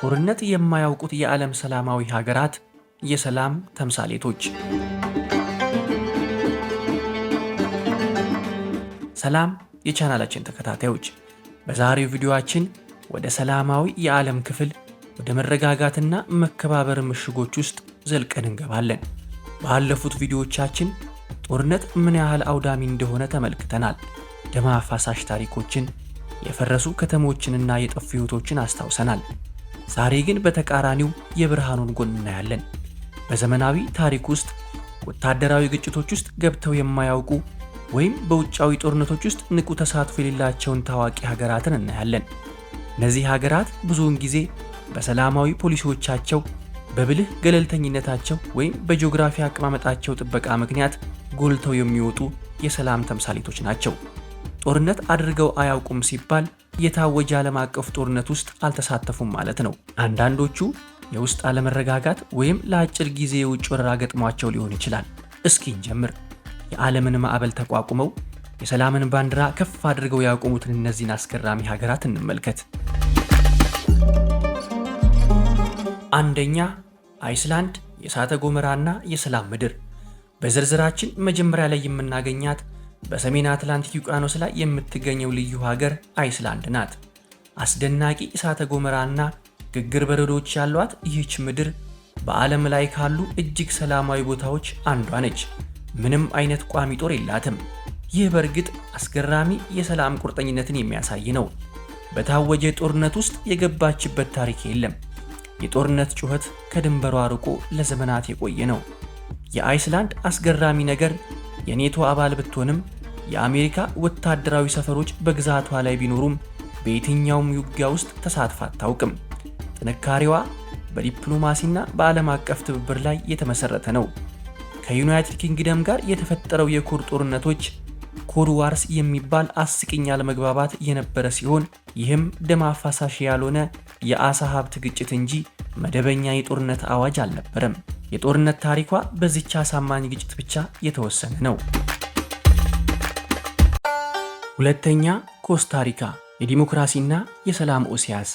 ጦርነት የማያውቁት የዓለም ሰላማዊ ሀገራት የሰላም ተምሳሌቶች። ሰላም የቻናላችን ተከታታዮች፣ በዛሬው ቪዲዮአችን ወደ ሰላማዊ የዓለም ክፍል ወደ መረጋጋትና መከባበር ምሽጎች ውስጥ ዘልቀን እንገባለን። ባለፉት ቪዲዮዎቻችን ጦርነት ምን ያህል አውዳሚ እንደሆነ ተመልክተናል። ደም አፋሳሽ ታሪኮችን፣ የፈረሱ ከተሞችንና የጠፉ ሕይወቶችን አስታውሰናል። ዛሬ ግን በተቃራኒው የብርሃኑን ጎን እናያለን። በዘመናዊ ታሪክ ውስጥ ወታደራዊ ግጭቶች ውስጥ ገብተው የማያውቁ ወይም በውጫዊ ጦርነቶች ውስጥ ንቁ ተሳትፎ የሌላቸውን ታዋቂ ሀገራትን እናያለን። እነዚህ ሀገራት ብዙውን ጊዜ በሰላማዊ ፖሊሲዎቻቸው፣ በብልህ ገለልተኝነታቸው ወይም በጂኦግራፊ አቀማመጣቸው ጥበቃ ምክንያት ጎልተው የሚወጡ የሰላም ተምሳሌቶች ናቸው። ጦርነት አድርገው አያውቁም ሲባል የታወጀ ዓለም አቀፍ ጦርነት ውስጥ አልተሳተፉም ማለት ነው። አንዳንዶቹ የውስጥ አለመረጋጋት ወይም ለአጭር ጊዜ የውጭ ወረራ ገጥሟቸው ሊሆን ይችላል። እስኪ እንጀምር። የዓለምን ማዕበል ተቋቁመው የሰላምን ባንዲራ ከፍ አድርገው ያቆሙትን እነዚህን አስገራሚ ሀገራት እንመልከት። አንደኛ አይስላንድ የእሳተ ገሞራና የሰላም ምድር። በዝርዝራችን መጀመሪያ ላይ የምናገኛት በሰሜን አትላንቲክ ውቅያኖስ ላይ የምትገኘው ልዩ ሀገር አይስላንድ ናት። አስደናቂ እሳተ ገሞራና ግግር በረዶዎች ያሏት ይህች ምድር በዓለም ላይ ካሉ እጅግ ሰላማዊ ቦታዎች አንዷ ነች። ምንም አይነት ቋሚ ጦር የላትም። ይህ በእርግጥ አስገራሚ የሰላም ቁርጠኝነትን የሚያሳይ ነው። በታወጀ ጦርነት ውስጥ የገባችበት ታሪክ የለም። የጦርነት ጩኸት ከድንበሯ ርቆ ለዘመናት የቆየ ነው። የአይስላንድ አስገራሚ ነገር የኔቶ አባል ብትሆንም የአሜሪካ ወታደራዊ ሰፈሮች በግዛቷ ላይ ቢኖሩም በየትኛውም ውጊያ ውስጥ ተሳትፋ አታውቅም። ጥንካሬዋ በዲፕሎማሲና በዓለም አቀፍ ትብብር ላይ የተመሰረተ ነው። ከዩናይትድ ኪንግደም ጋር የተፈጠረው የኮር ጦርነቶች ኮድ ዋርስ የሚባል አስቂኝ አለመግባባት የነበረ ሲሆን ይህም ደም አፋሳሽ ያልሆነ የአሳ ሀብት ግጭት እንጂ መደበኛ የጦርነት አዋጅ አልነበረም። የጦርነት ታሪኳ በዚች አሳማኝ ግጭት ብቻ የተወሰነ ነው። ሁለተኛ ኮስታሪካ የዲሞክራሲና የሰላም ኦሲያስ፣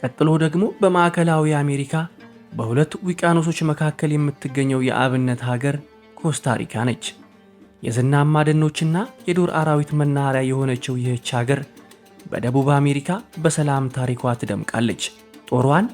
ቀጥሎ ደግሞ በማዕከላዊ አሜሪካ በሁለት ውቅያኖሶች መካከል የምትገኘው የአብነት ሀገር ኮስታሪካ ነች። የዝናማ ደኖችና የዱር አራዊት መናኸሪያ የሆነችው ይህች ሀገር በደቡብ አሜሪካ በሰላም ታሪኳ ትደምቃለች። ጦሯን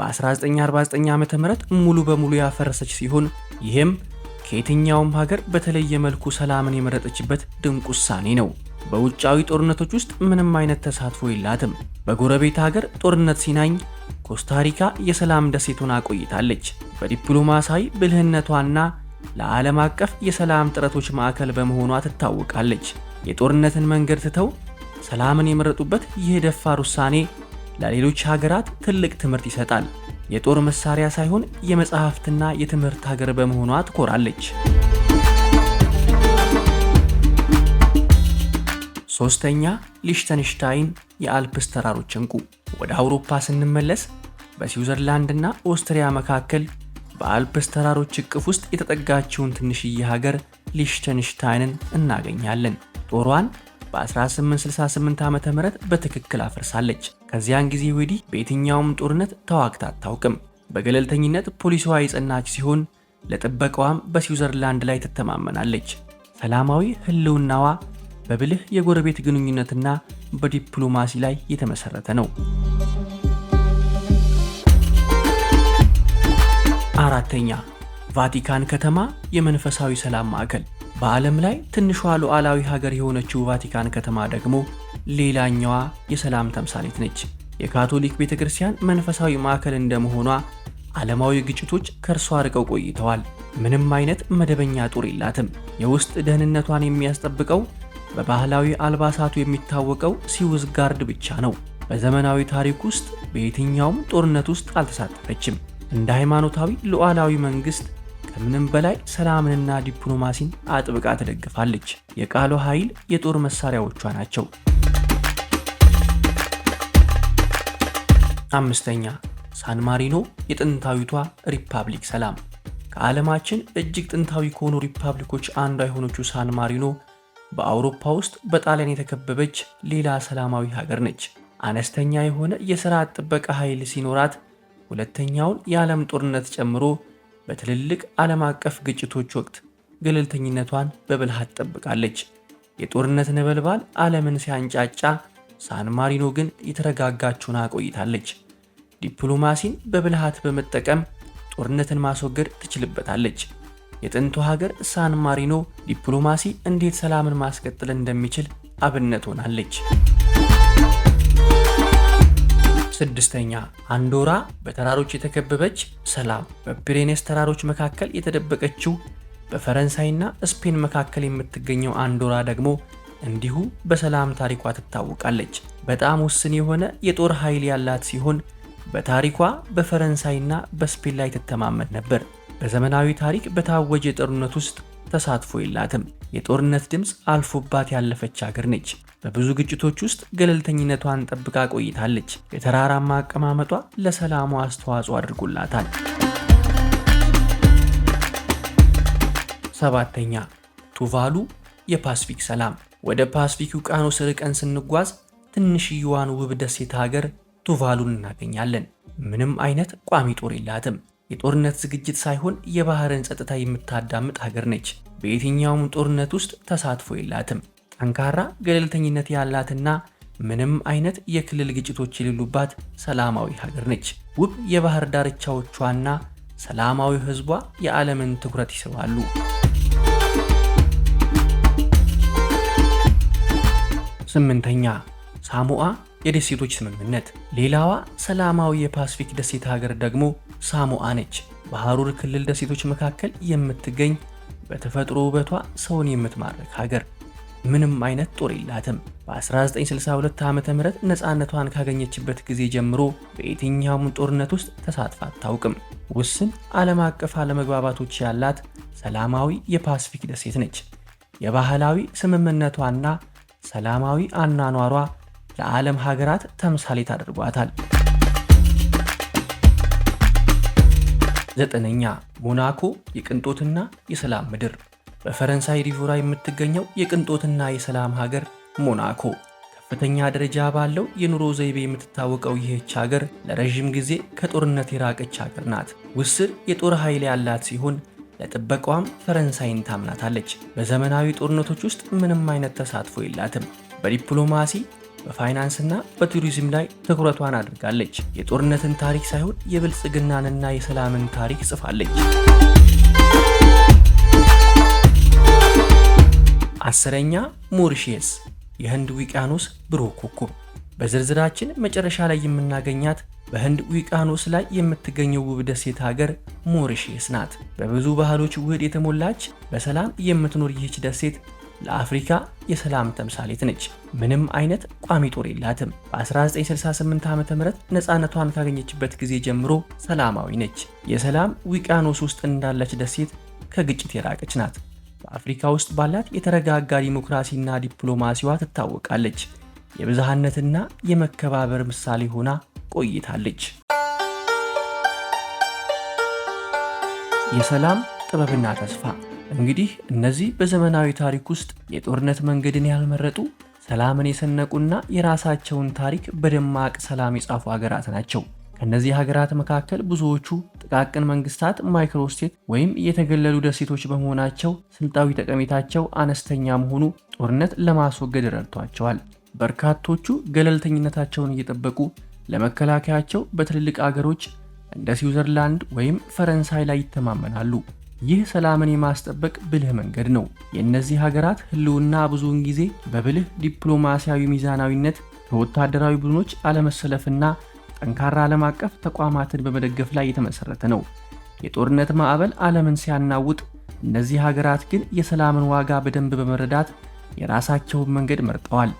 በ1949 ዓ ም ሙሉ በሙሉ ያፈረሰች ሲሆን ይህም ከየትኛውም ሀገር በተለየ መልኩ ሰላምን የመረጠችበት ድንቅ ውሳኔ ነው። በውጫዊ ጦርነቶች ውስጥ ምንም አይነት ተሳትፎ የላትም። በጎረቤት ሀገር ጦርነት ሲናኝ ኮስታሪካ የሰላም ደሴቱን አቆይታለች። በዲፕሎማሳዊ ብልህነቷና ለዓለም አቀፍ የሰላም ጥረቶች ማዕከል በመሆኗ ትታወቃለች። የጦርነትን መንገድ ትተው ሰላምን የመረጡበት ይህ ደፋር ውሳኔ ለሌሎች ሀገራት ትልቅ ትምህርት ይሰጣል። የጦር መሳሪያ ሳይሆን የመጽሐፍትና የትምህርት ሀገር በመሆኗ ትኮራለች። ሶስተኛ ሊሽተንሽታይን የአልፕስ ተራሮች እንቁ። ወደ አውሮፓ ስንመለስ በስዊዘርላንድና ኦስትሪያ መካከል በአልፕስ ተራሮች እቅፍ ውስጥ የተጠጋችውን ትንሽዬ ሀገር ሊሽተንሽታይንን እናገኛለን። ጦሯን በ1868 ዓ ም በትክክል አፈርሳለች። ከዚያን ጊዜ ወዲህ በየትኛውም ጦርነት ተዋግታ አታውቅም። በገለልተኝነት ፖሊሷ የጸናች ሲሆን ለጥበቃዋም በስዊዘርላንድ ላይ ትተማመናለች። ሰላማዊ ህልውናዋ በብልህ የጎረቤት ግንኙነትና በዲፕሎማሲ ላይ የተመሰረተ ነው። አራተኛ ቫቲካን ከተማ የመንፈሳዊ ሰላም ማዕከል በዓለም ላይ ትንሿ ሉዓላዊ ሀገር የሆነችው ቫቲካን ከተማ ደግሞ ሌላኛዋ የሰላም ተምሳሌት ነች። የካቶሊክ ቤተ ክርስቲያን መንፈሳዊ ማዕከል እንደመሆኗ ዓለማዊ ግጭቶች ከእርሷ ርቀው ቆይተዋል። ምንም አይነት መደበኛ ጦር የላትም። የውስጥ ደህንነቷን የሚያስጠብቀው በባህላዊ አልባሳቱ የሚታወቀው ሲውዝ ጋርድ ብቻ ነው። በዘመናዊ ታሪክ ውስጥ በየትኛውም ጦርነት ውስጥ አልተሳተፈችም። እንደ ሃይማኖታዊ ሉዓላዊ መንግሥት ከምንም በላይ ሰላምንና ዲፕሎማሲን አጥብቃ ትደግፋለች። የቃሏ ኃይል የጦር መሳሪያዎቿ ናቸው። አምስተኛ ሳን ማሪኖ የጥንታዊቷ ሪፐብሊክ ሰላም። ከዓለማችን እጅግ ጥንታዊ ከሆኑ ሪፐብሊኮች አንዷ የሆነችው ሳን ማሪኖ በአውሮፓ ውስጥ በጣሊያን የተከበበች ሌላ ሰላማዊ ሀገር ነች። አነስተኛ የሆነ የሥራ ጥበቃ ኃይል ሲኖራት ሁለተኛውን የዓለም ጦርነት ጨምሮ በትልልቅ ዓለም አቀፍ ግጭቶች ወቅት ገለልተኝነቷን በብልሃት ጠብቃለች። የጦርነት ነበልባል ዓለምን ሲያንጫጫ፣ ሳን ማሪኖ ግን የተረጋጋችውን አቆይታለች። ዲፕሎማሲን በብልሃት በመጠቀም ጦርነትን ማስወገድ ትችልበታለች። የጥንቱ ሀገር ሳን ማሪኖ ዲፕሎማሲ እንዴት ሰላምን ማስቀጠል እንደሚችል አብነት ሆናለች። ስድስተኛ አንዶራ በተራሮች የተከበበች ሰላም በፒሬኔስ ተራሮች መካከል የተደበቀችው በፈረንሳይና ስፔን መካከል የምትገኘው አንዶራ ደግሞ እንዲሁ በሰላም ታሪኳ ትታወቃለች። በጣም ውስን የሆነ የጦር ኃይል ያላት ሲሆን በታሪኳ በፈረንሳይና በስፔን ላይ ትተማመን ነበር። በዘመናዊ ታሪክ በታወጀ ጦርነት ውስጥ ተሳትፎ የላትም። የጦርነት ድምፅ አልፎባት ያለፈች ሀገር ነች። በብዙ ግጭቶች ውስጥ ገለልተኝነቷን ጠብቃ ቆይታለች። የተራራማ አቀማመጧ ለሰላሙ አስተዋጽኦ አድርጎላታል። ሰባተኛ ቱቫሉ የፓስፊክ ሰላም። ወደ ፓስፊክ ውቃኖስ ርቀን ስንጓዝ ትንሽየዋን ውብ ደሴት ሀገር ቱቫሉን እናገኛለን። ምንም አይነት ቋሚ ጦር የላትም። የጦርነት ዝግጅት ሳይሆን የባህርን ጸጥታ የምታዳምጥ ሀገር ነች። በየትኛውም ጦርነት ውስጥ ተሳትፎ የላትም። ጠንካራ ገለልተኝነት ያላትና ምንም አይነት የክልል ግጭቶች የሌሉባት ሰላማዊ ሀገር ነች። ውብ የባህር ዳርቻዎቿና ሰላማዊ ህዝቧ የዓለምን ትኩረት ይስባሉ። ስምንተኛ ሳሞአ የደሴቶች ስምምነት። ሌላዋ ሰላማዊ የፓስፊክ ደሴት ሀገር ደግሞ ሳሞአ ነች። በሐሩር ክልል ደሴቶች መካከል የምትገኝ በተፈጥሮ ውበቷ ሰውን የምትማርክ ሀገር ምንም አይነት ጦር የላትም። በ1962 ዓ ም ነፃነቷን ካገኘችበት ጊዜ ጀምሮ በየትኛውም ጦርነት ውስጥ ተሳትፋ አታውቅም። ውስን ዓለም አቀፍ አለመግባባቶች ያላት ሰላማዊ የፓስፊክ ደሴት ነች። የባህላዊ ስምምነቷና ሰላማዊ አኗኗሯ ለዓለም ሀገራት ተምሳሌ ታደርጓታል። ዘጠነኛ ሞናኮ የቅንጦትና የሰላም ምድር። በፈረንሳይ ሪቮራ የምትገኘው የቅንጦትና የሰላም ሀገር ሞናኮ ከፍተኛ ደረጃ ባለው የኑሮ ዘይቤ የምትታወቀው ይህች ሀገር ለረዥም ጊዜ ከጦርነት የራቀች ሀገር ናት። ውስን የጦር ኃይል ያላት ሲሆን ለጥበቋም ፈረንሳይን ታምናታለች። በዘመናዊ ጦርነቶች ውስጥ ምንም አይነት ተሳትፎ የላትም። በዲፕሎማሲ በፋይናንስና በቱሪዝም ላይ ትኩረቷን አድርጋለች። የጦርነትን ታሪክ ሳይሆን የብልጽግናንና የሰላምን ታሪክ ጽፋለች። አስረኛ ሞሪሼስ የህንድ ውቅያኖስ ብሩህ ኮከብ። በዝርዝራችን መጨረሻ ላይ የምናገኛት በህንድ ውቅያኖስ ላይ የምትገኘው ውብ ደሴት ሀገር ሞሪሼስ ናት። በብዙ ባህሎች ውህድ የተሞላች በሰላም የምትኖር ይህች ደሴት ለአፍሪካ የሰላም ተምሳሌት ነች። ምንም አይነት ቋሚ ጦር የላትም። በ1968 ዓ ም ነፃነቷን ካገኘችበት ጊዜ ጀምሮ ሰላማዊ ነች። የሰላም ውቅያኖስ ውስጥ እንዳለች ደሴት ከግጭት የራቀች ናት። በአፍሪካ ውስጥ ባላት የተረጋጋ ዲሞክራሲና ዲፕሎማሲዋ ትታወቃለች። የብዝሃነትና የመከባበር ምሳሌ ሆና ቆይታለች። የሰላም ጥበብና ተስፋ እንግዲህ እነዚህ በዘመናዊ ታሪክ ውስጥ የጦርነት መንገድን ያልመረጡ ሰላምን የሰነቁና የራሳቸውን ታሪክ በደማቅ ሰላም የጻፉ ሀገራት ናቸው። ከእነዚህ ሀገራት መካከል ብዙዎቹ ጥቃቅን መንግስታት ማይክሮስቴት ወይም የተገለሉ ደሴቶች በመሆናቸው ስልጣዊ ጠቀሜታቸው አነስተኛ መሆኑ ጦርነት ለማስወገድ ረድቷቸዋል። በርካቶቹ ገለልተኝነታቸውን እየጠበቁ ለመከላከያቸው በትልልቅ አገሮች እንደ ስዊዘርላንድ ወይም ፈረንሳይ ላይ ይተማመናሉ። ይህ ሰላምን የማስጠበቅ ብልህ መንገድ ነው። የእነዚህ ሀገራት ህልውና ብዙውን ጊዜ በብልህ ዲፕሎማሲያዊ ሚዛናዊነት፣ በወታደራዊ ቡድኖች አለመሰለፍና ጠንካራ ዓለም አቀፍ ተቋማትን በመደገፍ ላይ የተመሠረተ ነው። የጦርነት ማዕበል ዓለምን ሲያናውጥ፣ እነዚህ ሀገራት ግን የሰላምን ዋጋ በደንብ በመረዳት የራሳቸውን መንገድ መርጠዋል።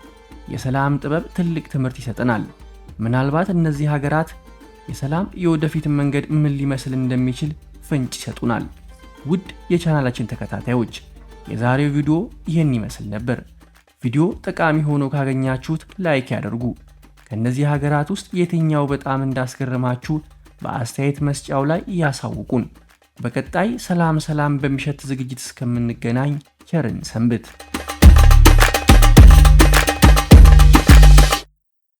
የሰላም ጥበብ ትልቅ ትምህርት ይሰጠናል። ምናልባት እነዚህ ሀገራት የሰላም የወደፊት መንገድ ምን ሊመስል እንደሚችል ፍንጭ ይሰጡናል። ውድ የቻናላችን ተከታታዮች የዛሬው ቪዲዮ ይህን ይመስል ነበር። ቪዲዮ ጠቃሚ ሆኖ ካገኛችሁት ላይክ ያደርጉ። ከእነዚህ ሀገራት ውስጥ የትኛው በጣም እንዳስገረማችሁ በአስተያየት መስጫው ላይ ያሳውቁን። በቀጣይ ሰላም ሰላም በሚሸት ዝግጅት እስከምንገናኝ ቸርን ሰንብት።